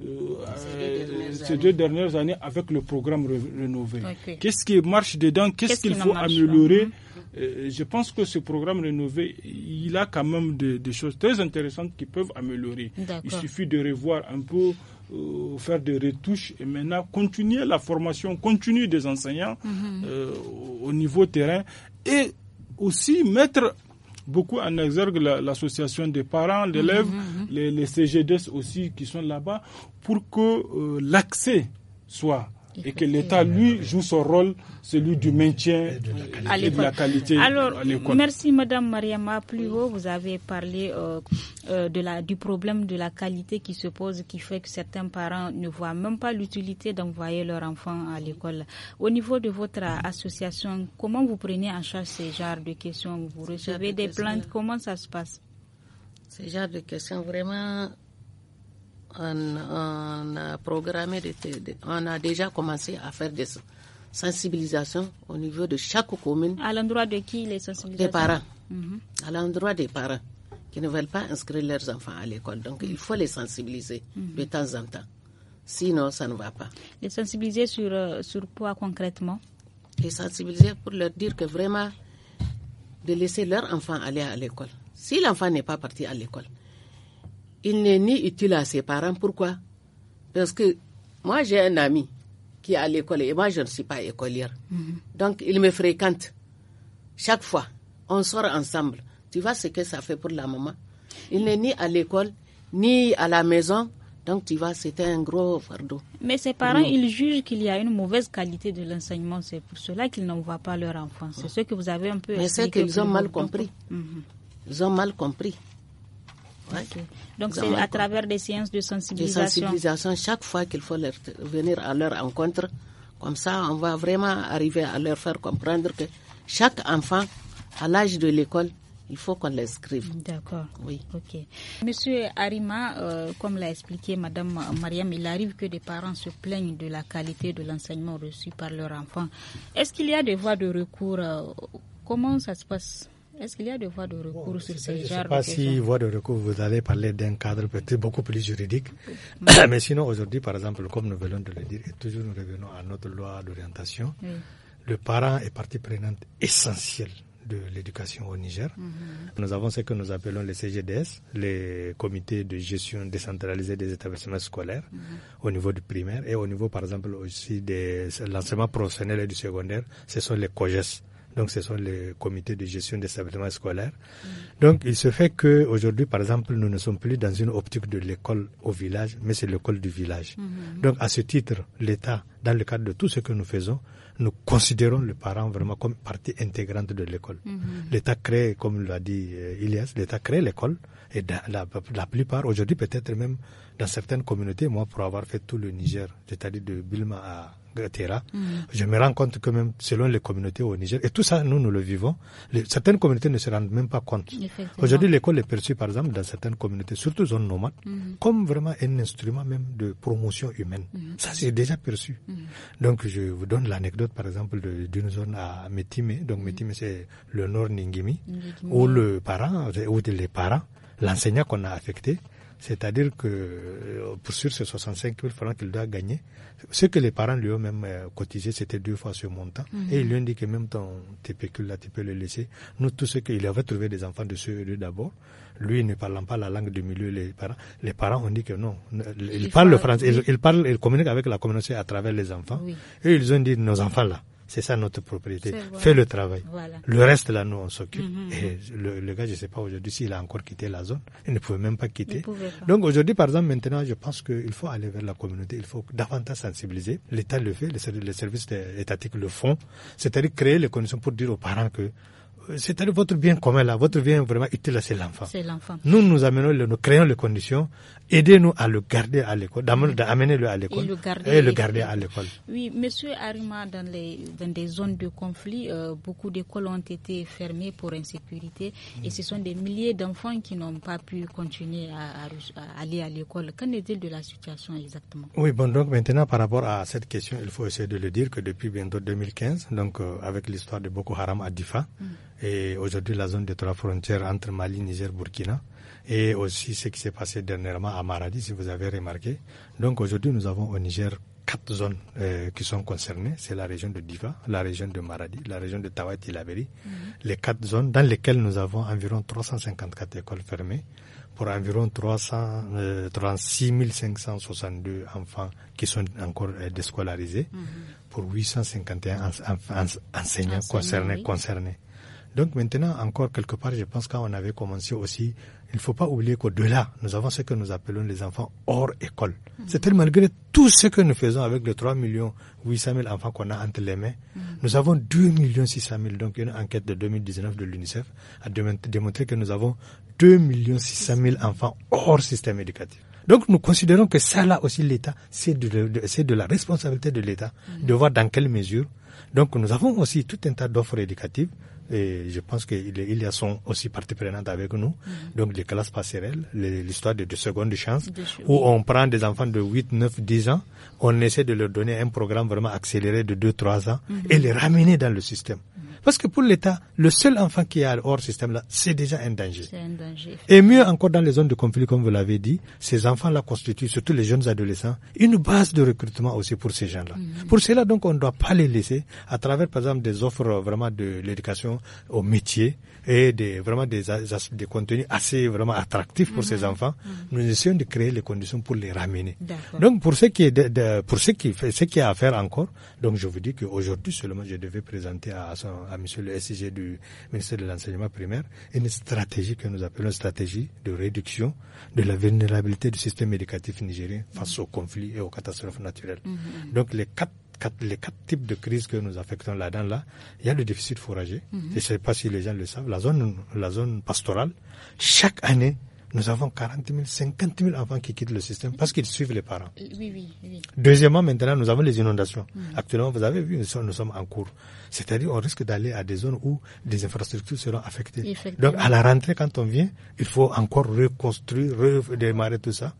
euh, ces, deux euh, dernières années avec le programme rénové. Qu'est-ce qui marche dedans Qu'est-ce qu'il faut améliorer mhm. Euh, je pense que ce programme rénové, il a quand même des, choses très intéressantes qui peuvent améliorer. Il suffit de revoir un peu, euh, faire des retouches et maintenant continuer la formation continue des enseignants mhm. euh, au niveau terrain et aussi mettre beaucoup en exergue l'association des parents, d'élèves, mhm, mhm, les, CGDS aussi qui sont là-bas, pour que l'accès soit et que l'État, lui, joue son rôle, celui du maintien et de la qualité à l'école. Merci, Madame Mariama. Plus haut, vous avez parlé euh, euh, de la, du problème de la qualité qui se pose, qui fait que certains parents ne voient même pas l'utilité d'envoyer leur enfant à l'école. Au niveau de votre association, comment vous prenez en charge ces genres de questions Vous recevez des plaintes Comment ça se passe Ces genres de questions, vraiment, on, a euh, programmé, de, on a déjà commencé à faire des sensibilisations au niveau de chaque commune. À l'endroit de qui les sensibilisations Des parents. Mhm. À l'endroit des parents qui ne veulent pas inscrire leurs enfants à l'école. Donc il faut les sensibiliser mhm. de temps en temps. Sinon, ça ne va pas. Les sensibiliser sur, euh, sur quoi concrètement Les sensibiliser pour leur dire que vraiment, de laisser leur enfant aller à l'école. Si l'enfant n'est pas parti à l'école, il n'est ni utile à ses parents. Pourquoi Parce que moi, j'ai un ami qui est à l'école et moi, je ne suis pas écolière. Mhm. Donc, il me fréquente. Chaque fois, on sort ensemble. Tu vois ce que ça fait pour la maman Il n'est ni à l'école, ni à la maison. Donc, tu vois, c'est un gros fardeau. Mais ses parents, ils jugent qu'il y a une mauvaise qualité de l'enseignement. C'est pour cela qu'ils n'envoient pas leur enfant. C'est ce que vous avez un peu Mais c'est qu'ils ont mal compris. Mhm. Ils ont mal compris. Donc c'est à travers des séances de sensibilisation. De sensibilisation chaque fois qu'il faut leur, venir à leur rencontre. Comme ça, on va vraiment arriver à leur faire comprendre que chaque enfant, à l'âge de l'école, il faut qu'on l'inscrive. D'accord. Oui. Ok. Monsieur Arima, euh, comme l'a expliqué Madame Mariam, il arrive que des parents se plaignent de la qualité de l'enseignement reçu par leur enfant. Est-ce qu'il y a des voies de recours euh, Comment ça se passe est-ce qu'il y a des voies de recours sur ces genres Je ne sais pas si voies de recours, vous allez parler d'un cadre peut-être beaucoup plus juridique. Mais sinon, aujourd'hui, par exemple, comme nous venons de le dire, et toujours nous revenons à notre loi d'orientation, le parent est partie prenante essentielle de l'éducation au Niger. Mhm. Nous avons ce que nous appelons les CGDS, les comités de gestion décentralisée des établissements scolaires mhm. au niveau du primaire et au niveau par exemple aussi de l'enseignement professionnel et du secondaire, ce sont les COGES. Donc, ce sont les comités de gestion des établissements scolaires. Donc, il se fait que aujourd'hui, par exemple, nous ne sommes plus dans une optique de l'école au village, mais c'est l'école du village. Mm-hmm. Donc, à ce titre, l'État, dans le cadre de tout ce que nous faisons, nous considérons le parent vraiment comme partie intégrante de l'école. Mm-hmm. L'État crée, comme l'a dit euh, Ilias, l'État crée l'école et la, la plupart, aujourd'hui peut-être même dans certaines communautés, moi pour avoir fait tout le Niger, c'est-à-dire de Bilma à Mm. je me rends compte que même selon les communautés au Niger, et tout ça, nous, nous le vivons, certaines communautés ne se rendent même pas compte. Aujourd'hui, l'école est perçue, par exemple, dans certaines communautés, surtout zones nomades, mm. comme vraiment un instrument même de promotion humaine. Mm. Ça, c'est déjà perçu. Donc, je vous donne l'anecdote, par exemple, d'une zone à Métimé. Donc, Métimé, c'est le nord Ningimi, où le parent, où les parents, l'enseignant qu'on a affecté, c'est-à-dire que euh, pour sûr, c'est 65 000 francs qu'il doit gagner. Ce que les parents lui ont même euh, cotisé, c'était deux fois ce montant. Mhm. Et ils lui ont dit que même ton TPQ, là, tu peux le laisser. Nous, tous ce qu'il avait trouvé des enfants de ceux deux d'abord, lui ne parlant pas la langue du milieu, les parents, les parents ont dit que non. il parle parlent le français, il parlent, ils communiquent avec la communauté à travers les enfants. Et ils ont dit, nos enfants là, c'est ça notre propriété. Fais le travail. Le reste, là, nous, on s'occupe. Mm-hmm. Et le, gars, je sais pas aujourd'hui s'il a encore quitté la zone. Il ne pouvait même pas quitter. Donc aujourd'hui, par exemple, maintenant, je pense qu'il faut aller vers la communauté. Il faut davantage sensibiliser. L'État le fait, les, services étatiques le font. C'est-à-dire créer les conditions pour dire aux parents que c'est-à-dire votre bien commun là, votre bien vraiment utile c'est l'enfant. C'est l'enfant. Nous, nous amenons, le, nous créons les conditions, aidez-nous à le garder à l'école, d'amener-le à l'école et le garder, à l'école. Oui, monsieur Arima, dans, les, dans des zones de conflit, euh, beaucoup d'écoles ont été fermées pour insécurité et ce sont des milliers d'enfants qui n'ont pas pu continuer à, aller à l'école. Qu'en est-il de la situation exactement Oui, bon, donc maintenant par rapport à cette question, il faut essayer de le dire que depuis bientôt 2015, donc euh, avec l'histoire de Boko Haram à Difa, mm et aujourd'hui la zone de trois frontières entre Mali, Niger, Burkina, et aussi ce qui s'est passé dernièrement à Maradi, si vous avez remarqué. Donc aujourd'hui, nous avons au Niger quatre zones euh, qui sont concernées. C'est la région de Diva, la région de Maradi, la région de Tawat et Laberi. Mhm. Les quatre zones dans lesquelles nous avons environ 354 écoles fermées pour environ 300, 36 562 enfants qui sont encore euh, déscolarisés, mhm. pour 851 enseignants, concernés. concernés. Donc maintenant, encore quelque part, je pense quand on avait commencé aussi, il ne faut pas oublier qu'au-delà, nous avons ce que nous appelons les enfants hors école. Mhm. C'est-à-dire malgré tout ce que nous faisons avec les 3 millions 800 000 enfants qu'on a entre les mains, mhm. nous avons 2 millions 600 Donc une enquête de 2019 de l'UNICEF a démontré que nous avons 2 millions 600 000 enfants hors système éducatif. Donc nous considérons que ça là aussi l'État, c'est de, la responsabilité de l'État mhm. de voir dans quelle mesure. Donc nous avons aussi tout un tas d'offres éducatives et je pense qu'il il y a son aussi partie prenante avec nous. Mhm. Donc les classes passerelles, l'histoire de, de, seconde chance, où on prend des enfants de 8, 9, 10 ans, on essaie de leur donner un programme vraiment accéléré de 2, 3 ans mhm. et les ramener dans le système. Mhm. Parce que pour l'État, le seul enfant qui est hors système là, c'est déjà un danger. Et mieux encore dans les zones de conflit, comme vous l'avez dit, ces enfants-là constituent, surtout les jeunes adolescents, une base de recrutement aussi pour ces gens-là. Pour cela, donc, on ne doit pas les laisser à travers, par exemple, des offres vraiment de l'éducation au métier et des, vraiment des, des contenus assez vraiment attractifs pour ces mhm. enfants, mhm. nous essayons de créer les conditions pour les ramener. Donc pour ce qui est pour ce qui ce qui est à faire encore, donc je vous dis qu'aujourd'hui seulement je devais présenter à, à, Monsieur le SIG du ministère de l'enseignement primaire une stratégie que nous appelons stratégie de réduction de la vulnérabilité du système éducatif nigérien face mhm. aux conflits et aux catastrophes naturelles. Donc les quatre les quatre types de crises que nous affectons là-dedans, là, il y a le déficit forager. Mhm. Je ne sais pas si les gens le savent. La zone, la zone pastorale, chaque année, nous avons 40 000, 50 000 enfants qui quittent le système parce qu'ils suivent les parents. Euh, oui, oui, oui. Deuxièmement, maintenant, nous avons les inondations. Mhm. Actuellement, vous avez vu, nous sommes, nous sommes en cours. C'est-à-dire, on risque d'aller à des zones où des infrastructures seront affectées. Donc, à la rentrée, quand on vient, il faut encore reconstruire, redémarrer tout ça.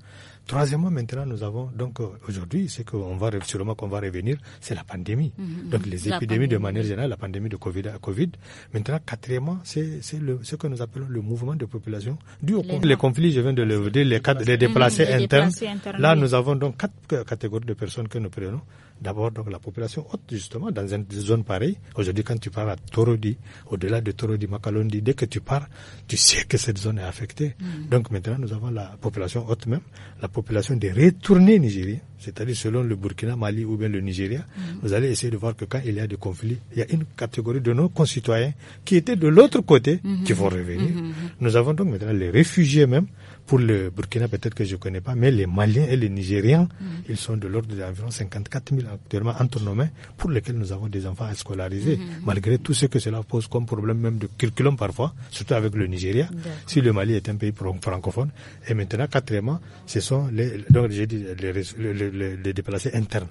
Troisièmement, maintenant, nous avons donc euh, aujourd'hui, c'est qu'on va sûrement qu'on va revenir, c'est la pandémie. Mhm, mhm. Donc les épidémies de manière générale, la pandémie de Covid euh, Covid. Maintenant, quatrièmement, c'est ce que nous appelons le mouvement de population dû au Les conflits, je viens de le dire, les, les déplacés, mhm, internes. Là, nous avons donc quatre catégories de personnes que nous prenons d'abord donc la population haute justement dans une zone pareille. Aujourd'hui quand tu pars à Torodi, au-delà de Torodi, Makalondi, dès que tu pars, tu sais que cette zone est affectée. Mm. Donc maintenant nous avons la population haute même, la population des retournés nigériens, c'est-à-dire selon le Burkina, Mali ou bien le Nigeria, mm. vous allez essayer de voir que quand il y a des conflits, il y a une catégorie de nos concitoyens qui étaient de l'autre côté mm-hmm. qui vont revenir. Mm-hmm. Nous avons donc maintenant les réfugiés même pour le Burkina, peut-être que je ne connais pas, mais les Maliens et les Nigériens, mhm. ils sont de l'ordre d'environ 54 000 actuellement entre nos mains, pour lesquels nous avons des enfants à scolariser, mhm, mhm. malgré tout ce que cela pose comme problème même de curriculum parfois, surtout avec le Nigeria, si le Mali est un pays francophone. Et maintenant, quatrièmement, ce sont les, donc j'ai dit, les, les, les, déplacés internes.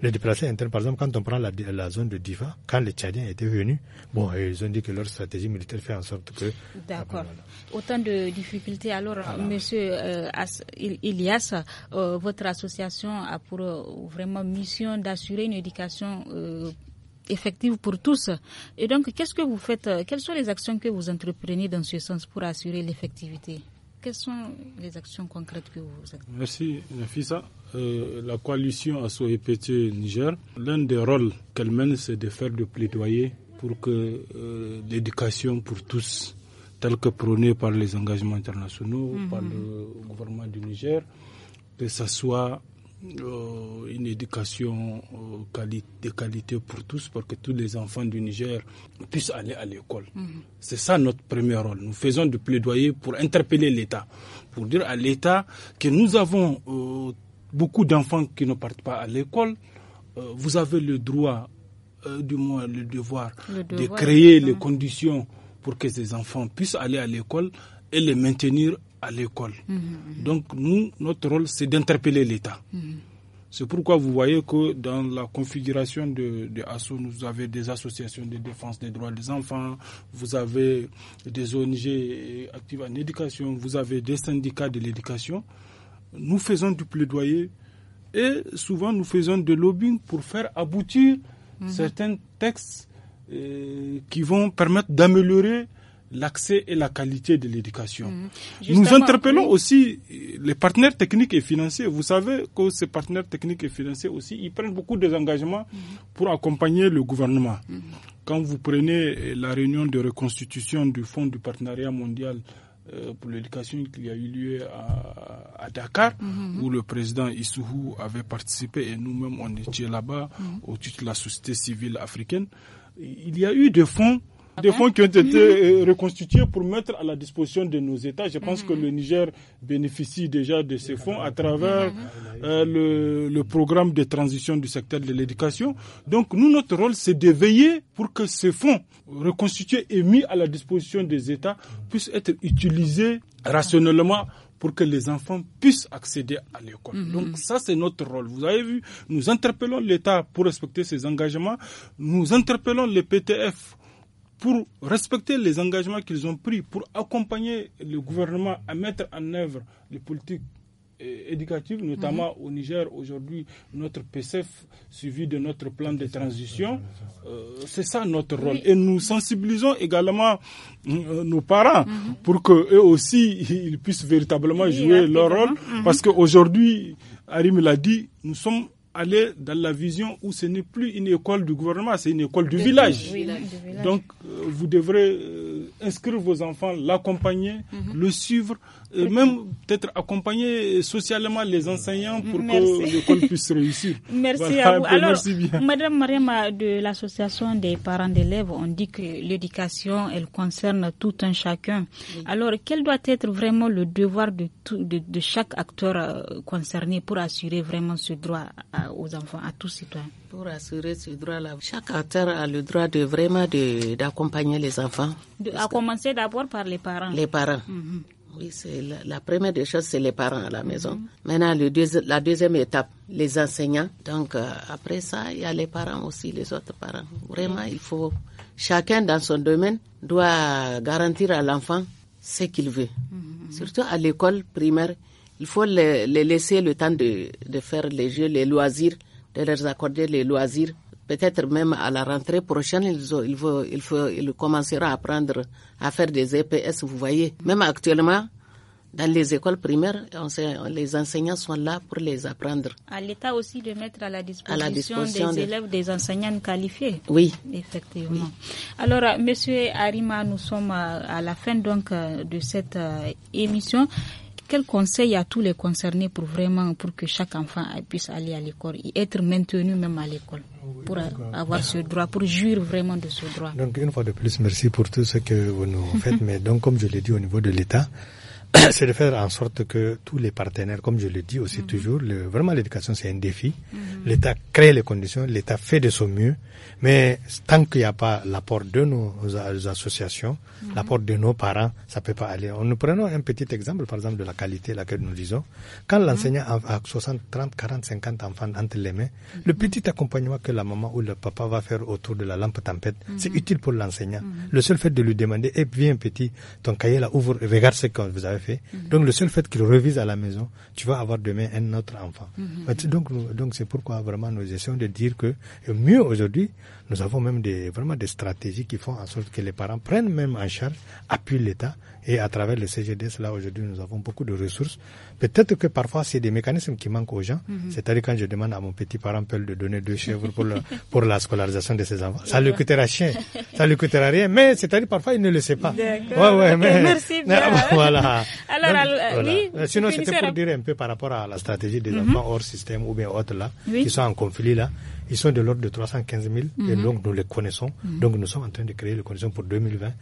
Les déplacés internes, par exemple, quand on prend la, zone de Difa, quand les Tchadiens étaient venus, bon, ils ont dit que leur stratégie militaire fait en sorte que... D'accord. Ah, Autant de difficultés alors... Monsieur euh, Ilias, euh, votre association a pour euh, vraiment mission d'assurer une éducation effective pour tous. Et donc, qu'est-ce que vous faites Quelles sont les actions que vous entreprenez dans ce sens pour assurer l'effectivité Quelles sont les actions concrètes que vous Merci, Nafisa. la coalition Asso e Niger, l'un des rôles qu'elle mène, c'est de faire du plaidoyer pour que l'éducation pour tous tel que prôné par les engagements internationaux, mhm. par le gouvernement du Niger, que ce soit euh, une éducation euh, de qualité pour tous, pour que tous les enfants du Niger puissent aller à l'école. Mhm. C'est ça notre premier rôle. Nous faisons du plaidoyer pour interpeller l'État, pour dire à l'État que nous avons euh, beaucoup d'enfants qui ne partent pas à l'école. vous avez le droit, du moins le devoir de créer les conditions pour que ces enfants puissent aller à l'école et les maintenir à l'école. Mhm, mhm. Donc nous, notre rôle, c'est d'interpeller l'État. Mhm. C'est pourquoi vous voyez que dans la configuration de, de vous nous avez des associations de défense des droits des enfants, vous avez des ONG actives en éducation, vous avez des syndicats de l'éducation. Nous faisons du plaidoyer et souvent nous faisons de lobbying pour faire aboutir certains textes euh, qui vont permettre d'améliorer l'accès et la qualité de l'éducation. Mhm. Nous interpellons aussi euh, les partenaires techniques et financiers. Vous savez que ces partenaires techniques et financiers aussi, ils prennent beaucoup d'engagements mhm. pour accompagner le gouvernement. Mhm. Quand vous prenez euh, la réunion de reconstitution du Fonds du partenariat mondial pour l'éducation qui a eu lieu à, Dakar, où le président Issouhou avait participé et nous-mêmes on était là-bas au titre de la société civile africaine il y a eu des fonds ah des fonds qui ont été reconstitués pour mettre à la disposition de nos États. Je pense mm-hmm. que le Niger bénéficie déjà de ces fonds à travers mm-hmm. euh, le, programme de transition du secteur de l'éducation. Donc nous, notre rôle, c'est de veiller pour que ces fonds reconstitués et mis à la disposition des États puissent être utilisés rationnellement pour que les enfants puissent accéder à l'école. Mhm. Donc ça, c'est notre rôle. Vous avez vu, nous interpellons l'État pour respecter ses engagements, nous interpellons les PTF pour respecter les engagements qu'ils ont pris, pour accompagner le gouvernement à mettre en œuvre les politiques euh, éducative, notamment au Niger aujourd'hui, notre PCF suivi de notre plan de transition. Euh, c'est ça notre rôle. Et nous sensibilisons également euh, nos parents mhm. pour que aussi ils puissent véritablement jouer leur rôle. Mhm. Parce qu'aujourd'hui, Arim l'a dit, nous sommes allés dans la vision où ce n'est plus une école du gouvernement, c'est une école du, village. Donc, vous devrez inscrire vos enfants, l'accompagner, mhm. le suivre euh, même peut-être accompagner socialement les enseignants pour que l'école puisse réussir. Merci à vous. Ben, Alors, Madame Mariama de l'association des parents d'élèves, on dit que l'éducation, elle concerne tout un chacun. Alors, quel doit être vraiment le devoir de, de, chaque acteur euh, concerné pour assurer vraiment ce droit aux enfants, à tous citoyens Pour assurer ce droit-là, chaque acteur a le droit de vraiment d'accompagner les enfants. à commencer d'abord par les parents. Les parents. Mhm. Oui, c'est la, première des choses, c'est les parents à la maison. Maintenant, le la deuxième étape, les enseignants. Donc, euh, après ça, il y a les parents aussi, les autres parents. Vraiment, il faut, chacun dans son domaine doit garantir à l'enfant ce qu'il veut. Mhm. Surtout à l'école primaire, il faut les, les, laisser le temps de, de faire les jeux, les loisirs, de leur accorder les loisirs peut-être même à la rentrée prochaine, ils, commencera vont, il commenceront à apprendre à faire des EPS, vous voyez. Même actuellement, dans les écoles primaires, les enseignants sont là pour les apprendre. À l'État aussi de mettre à la disposition, des élèves des enseignants qualifiés. Oui. Effectivement. Alors, euh, Monsieur Arima, nous sommes euh, à la fin donc euh, de cette émission. Quel conseil à tous les concernés pour vraiment pour que chaque enfant puisse aller à l'école et être maintenu même à l'école pour avoir ce droit, pour jouir vraiment de ce droit Donc une fois de plus, merci pour tout ce que vous nous faites. Mais donc comme je l'ai dit au niveau de l'État, c'est de faire en sorte que tous les partenaires, comme je le dis aussi mhm. toujours, le, vraiment l'éducation c'est un défi. Mhm. L'État crée les conditions, l'État fait de son mieux, mais tant qu'il n'y a pas l'apport de nos, associations, mhm. l'apport de nos parents, ça peut pas aller. On nous prenons un petit exemple, par exemple de la qualité laquelle nous disons, quand l'enseignant a 60, 30, 40, 50 enfants entre les mains, le petit accompagnement que la maman ou le papa va faire autour de la lampe tempête, c'est utile pour l'enseignant. Le seul fait de lui demander, eh bien petit, ton cahier là ouvre, regarde ce que vous avez fait Mhm. Donc le seul fait qu'il revise à la maison, tu vas avoir demain un autre enfant. Mhm. Donc donc c'est pourquoi vraiment nous essayons de dire que mieux aujourd'hui, nous avons même des vraiment des stratégies qui font en sorte que les parents prennent même en charge, appuient l'État et à travers le CGDS là aujourd'hui nous avons beaucoup de ressources Peut-être que parfois, c'est des mécanismes qui manquent aux gens. Mhm. C'est-à-dire quand je demande à mon petit-parent de donner deux chèvres pour, pour la scolarisation de ses enfants, ça ne lui coûtera rien. Ça lui coûtera rien, mais c'est-à-dire parfois, il ne le sait pas. Ouais, ouais, Merci voilà. Alors, Sinon, c'était pour dire un peu par rapport à la stratégie des mhm. enfants hors système ou bien autres là, qui sont en conflit là ils sont de l'ordre de 315 000 et mhm. donc nous les connaissons. Donc nous sommes en train de créer les conditions pour 2020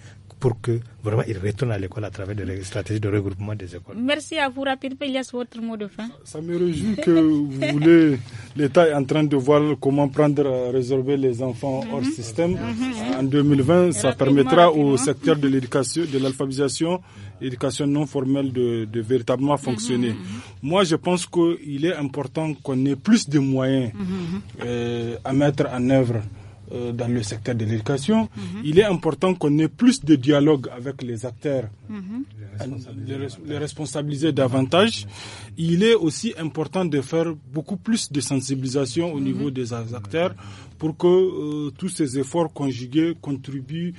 pour que vraiment ils retournent à l'école à travers des stratégies de regroupement des écoles. Merci à vous, Rapide a votre mot de fin. Ça, me réjouit que vous voulez, l'État est en train de voir comment prendre, résorber les enfants hors mhm. système. Mhm, mhm, en 2020, ça permettra au secteur de l'éducation, de l'alphabétisation, éducation non formelle de, véritablement fonctionner. Moi, je pense qu'il est important qu'on ait plus de moyens euh, à mettre en œuvre. Euh, dans le secteur de l'éducation, mhm. il est important qu'on ait plus de dialogue avec les acteurs, mhm. les, responsabiliser davantage. Il est aussi important de faire beaucoup plus de sensibilisation au mhm. niveau des acteurs pour que euh, tous ces efforts conjugués contribuent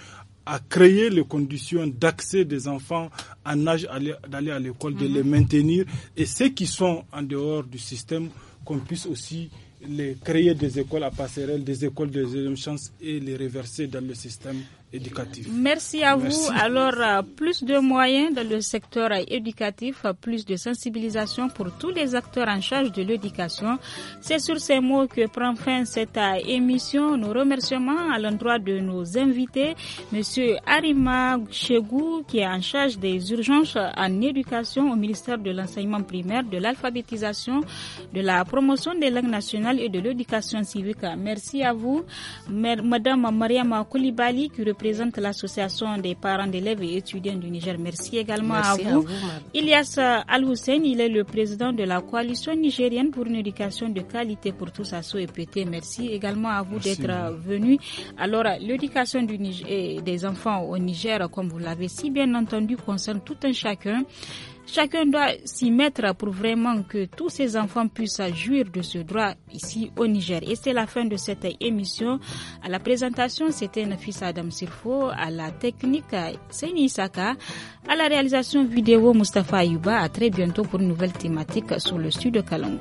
à créer les conditions d'accès des enfants en âge d'aller à l'école, de les maintenir, et ceux qui sont en dehors du système, qu'on puisse aussi les créer des écoles à passerelle, des écoles de deuxième chance et les reverser dans le système éducatif. Merci à vous. Alors, euh, plus de moyens dans le secteur éducatif, euh, plus de sensibilisation pour tous les acteurs en charge de l'éducation. C'est sur ces mots que prend fin cette euh, émission. Nos remerciements à l'endroit de nos invités, Monsieur Arima Chegou, qui est en charge des urgences en éducation au ministère de l'enseignement primaire, de l'alphabétisation, de la promotion des langues nationales et de l'éducation civique. Merci à vous. Madame Mariama qui représente l'Association des parents d'élèves et étudiants du Niger. Merci également à vous. À Ilyas Al-Hussein, il est le président de la coalition nigérienne pour une éducation de qualité pour tous à et Merci également à vous d'être venu. Alors, l'éducation des enfants au Niger, comme vous l'avez si bien entendu, concerne tout un chacun. Chacun doit s'y mettre pour vraiment que tous ses enfants puissent jouir de ce droit ici au Niger. Et c'est la fin de cette émission. À la présentation, c'était Nafis Adam Sirfo, à la technique, Seni Isaka, à la réalisation vidéo, Mustafa Ayuba. À très bientôt pour une nouvelle thématique sur le sud de Kalong.